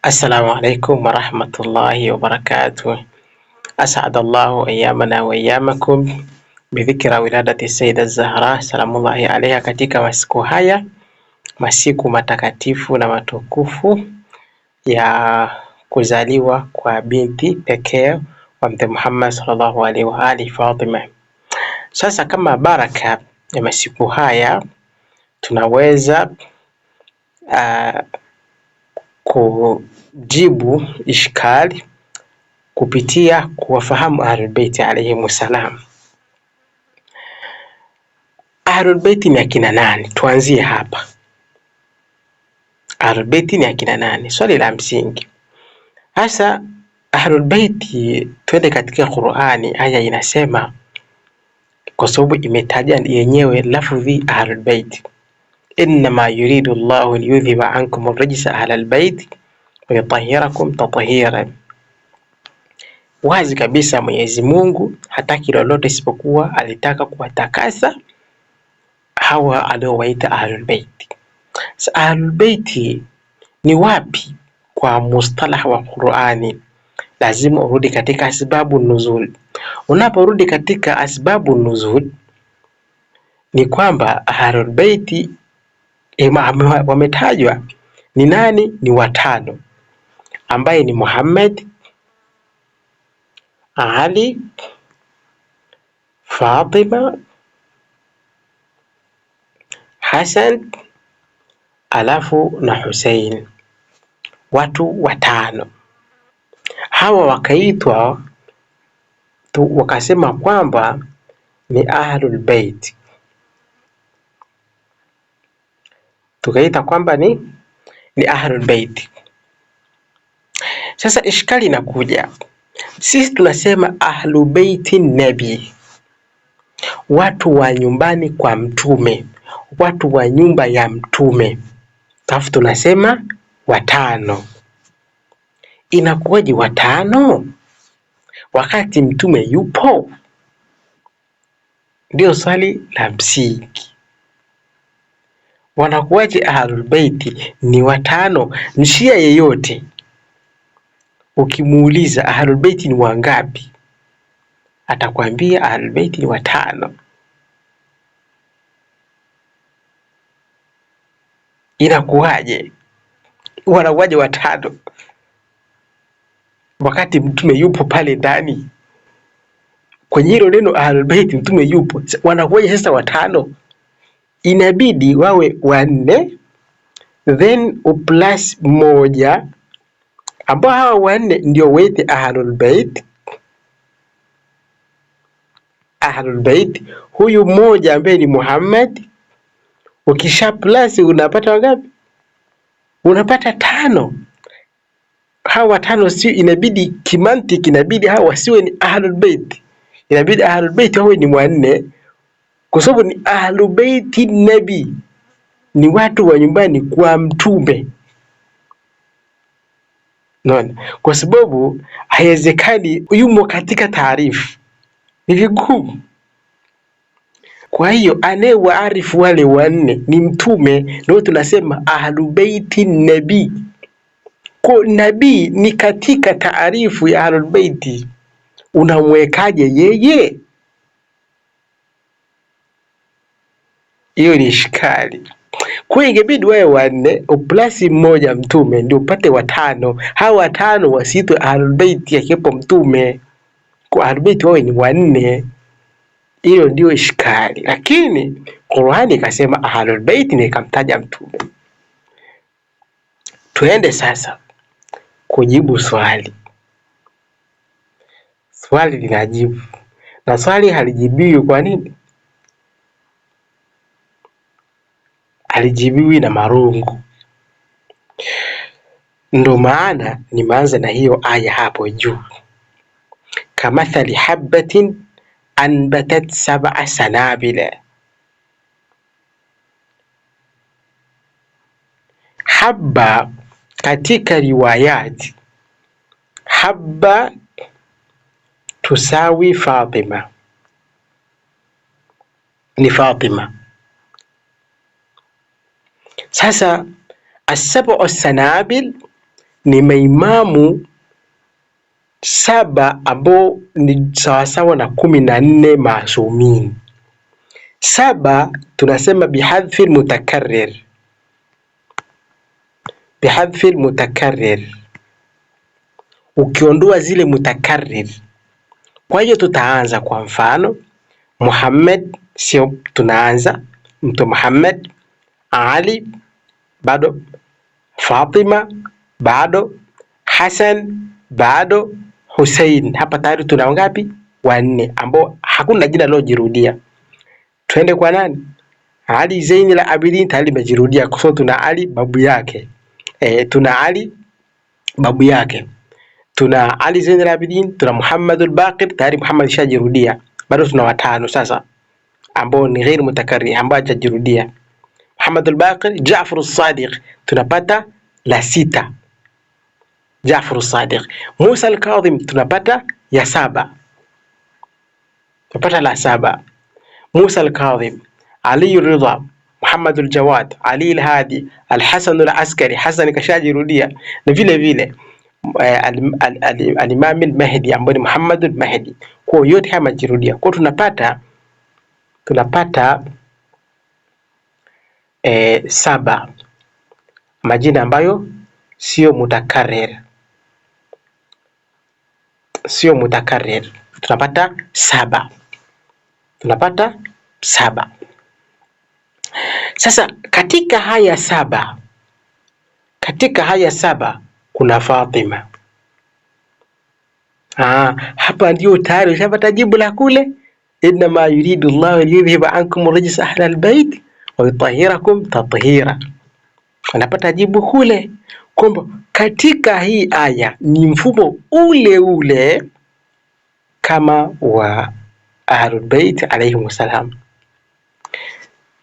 Assalamu alaikum warahmatullahi wabarakatuh. Asadallahu ayyamana wa ayyamakum bidhikra wiladati Sayyida Zahra salamullahi alaiha, katika masiku haya masiku matakatifu na matukufu ya kuzaliwa kwa binti pekee wa Mtume Muhammad sallallahu alaihi wa ali Fatima. Sasa kama baraka ya masiku haya tunaweza uh, kujibu ishkali kupitia kuwafahamu Ahlulbeiti alayhimu salam. Ahlulbeiti ni akina nani? Tuanzie hapa. Ahlulbeiti ni akina nani? Swali la msingi hasa. Ahlulbeiti, twende katika Qur'ani, aya inasema, kwa sababu imetaja yenyewe lafudhi Ahlulbeiti innama yuridu llahu liyudhiba ankum rrijsa ahla albaiti wayutahirakum tathira wazi kabisa Mwenyezi Mungu hataki lolote isipokuwa alitaka kuwatakasa hawa aliowaita ahlulbeiti. Sa ahlulbeiti ni wapi kwa mustalah wa Qurani? Lazima urudi katika asbabu nuzul. Unaporudi katika asbabu nuzul, ni kwamba ahlulbeiti Eh, wametajwa ni nani? Ni watano, ambaye ni Muhammad, Ali, Fatima, Hassan alafu na Hussein, watu watano hawa wakaitwa tu, wakasema kwamba ni ahlul bait tukaita kwamba ni, ni Ahlul Bait. Sasa ishkali inakuja, sisi tunasema Ahlul Bait Nabi, watu wa nyumbani kwa Mtume, watu wa nyumba ya Mtume, alafu tunasema watano. Inakuwaje watano wakati Mtume yupo? Ndio swali la msingi. Wanakuwaje Ahlul Baiti? Ni watano. Mshia yeyote ukimuuliza Ahlul Baiti ni wangapi, atakwambia Ahlul Baiti ni watano. Inakuwaje wanakuwaje watano wakati mtume yupo pale ndani? Kwenye hilo neno Ahlul Baiti mtume yupo, wanakuwaje sasa watano? inabidi wawe wanne then uplus moja ambao hawa wanne ndio wete ahlul bait. Ahlul bait huyu mmoja ambaye ni Muhammad, ukisha plus unapata wangapi? Unapata tano. Hawa tano si inabidi kimantiki, inabidi hawa siwe ni ahlul bait, inabidi ahlul bait wawe ni wanne kwa sababu ni ahlubeiti nabi, ni watu wa nyumbani kwa mtume. Naona kwa sababu haiwezekani yumo katika taarifu, ni vigumu. Kwa hiyo anayewaarifu wale wanne ni mtume, ndio tunasema ahlubeiti nabii. Kwa nabii ni katika taarifu ya ahlubeiti, unamwekaje yeye? hiyo ni shikali. Kwa ingebidi wawe wanne uplasi mmoja mtume ndio upate watano. Hao watano wasitwe arobaiti akiwepo mtume, kwa albeit wawe ni wanne. Hiyo ndio ishkali, lakini Qur'ani ikasema ahlul bait na mtume. Tuende sasa kujibu swali. Swali linajibu na swali halijibiwi. Kwa nini? alijibiwi na marungu. Ndo maana nimeanza na hiyo aya hapo juu, kamathali habatin anbatat sab'a sanabila. Habba katika riwayati, habba tusawi Fatima, ni Fatima sasa assabu sanabil ni maimamu saba ambao ni sawasawa na kumi na nne masumin Saba tunasema bihadhfi mutakarir, bihadhfi mutakarir, ukiondoa zile mutakarir. Kwa hiyo tutaanza kwa mfano Muhammad, sio tunaanza mtu Muhammad, Ali bado, Fatima bado, Hassan bado, Hussein. Hapa tayari tuna wangapi? Wanne ambao hakuna jina lilojirudia. Twende kwa nani? Ali Zaini la Abidin tayari limejirudia kwa sababu tuna Ali babu yake. E, tuna Ali babu yake, tuna Ali Zaini la Abidin, tuna Muhammad al Baqir tayari Muhammad shajirudia. Bado tuna watano sasa ambao ni ghairu mutakarri ambao hajajirudia. Muhammad al-Baqir, Jaafar al-Sadiq, tunapata la sita. Jaafar al-Sadiq. Musa al-Kadhim tunapata ya saba, tunapata la saba. Musa al-Kadhim, Ali al-Ridha, Muhammad al-Jawad, Ali al-Hadi, al-Hasan al-Askari, Hasan kashajirudia na vile vile eh, al-Imam al-Mahdi ambaye ni Muhammad al-Mahdi. Kwa hiyo yote haya majirudia. Kwa tunapata tunapata e, saba majina ambayo sio mutakarir, sio mutakarir, tunapata saba, tunapata saba. Sasa katika haya saba, katika haya saba kuna Fatima. Aa, ah, hapa ndio tayari ushapata jibu la kule, inama yuridu llahu liyudhhiba ankum rijsa ahlal bait wayutahirakum tathira. anapata jibu kule kwamba katika hii aya ni mfumo ule ule kama wa Ahlul Bait alayhim wasalam.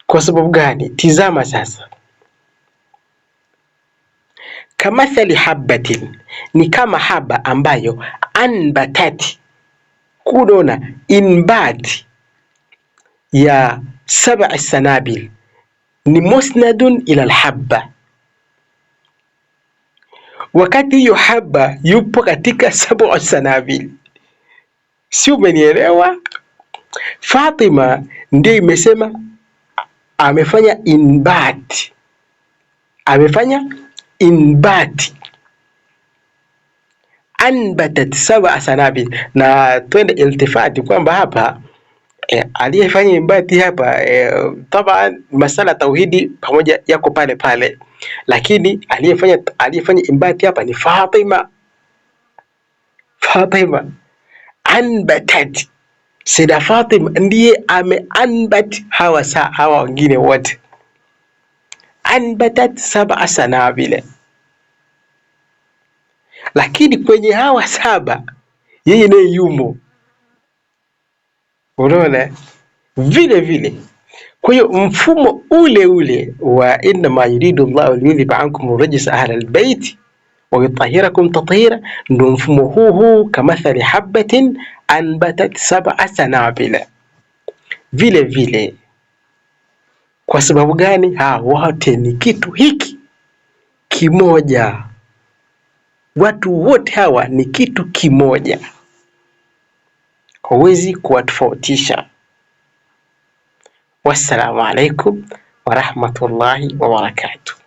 Kwa sababu gani? Tizama sasa, kamathali habatin ni kama haba ambayo anbatati, kunona inbati ya sab'i sanabil ni musnadun ila alhabba, wakati hiyo haba yupo katika sabu sanabil, Si umenielewa? Fatima ndiyo imesema amefanya inbati, amefanya inbati anbatat saba sanabil. Na twende iltifati kwamba hapa eh, aliyefanya ibati hapa eh, taban masala tauhidi pamoja yako pale pale, lakini aliyefanya aliyefanya ibati hapa ni Fatima. Fatima anbatat Sida Fatima ndiye ameanbat hawa sa hawa wengine wote, anbatat saba asana vile lakini kwenye hawa saba yeye ndiye yumo Unaona vile vile. Kwa hiyo mfumo ule ule wa innama yuridu llahu liyudhhiba ankum rijsa ahla wa yutahhirakum tathira, ndo mfumo huu huu kamathali habatin anbatat sab'a sanabila. Vile vile kwa sababu gani? Ha, wote ni kitu hiki kimoja, watu wote hawa ni kitu kimoja huwezi kuwatofautisha. Wassalamu alaikum warahmatullahi wabarakatuh.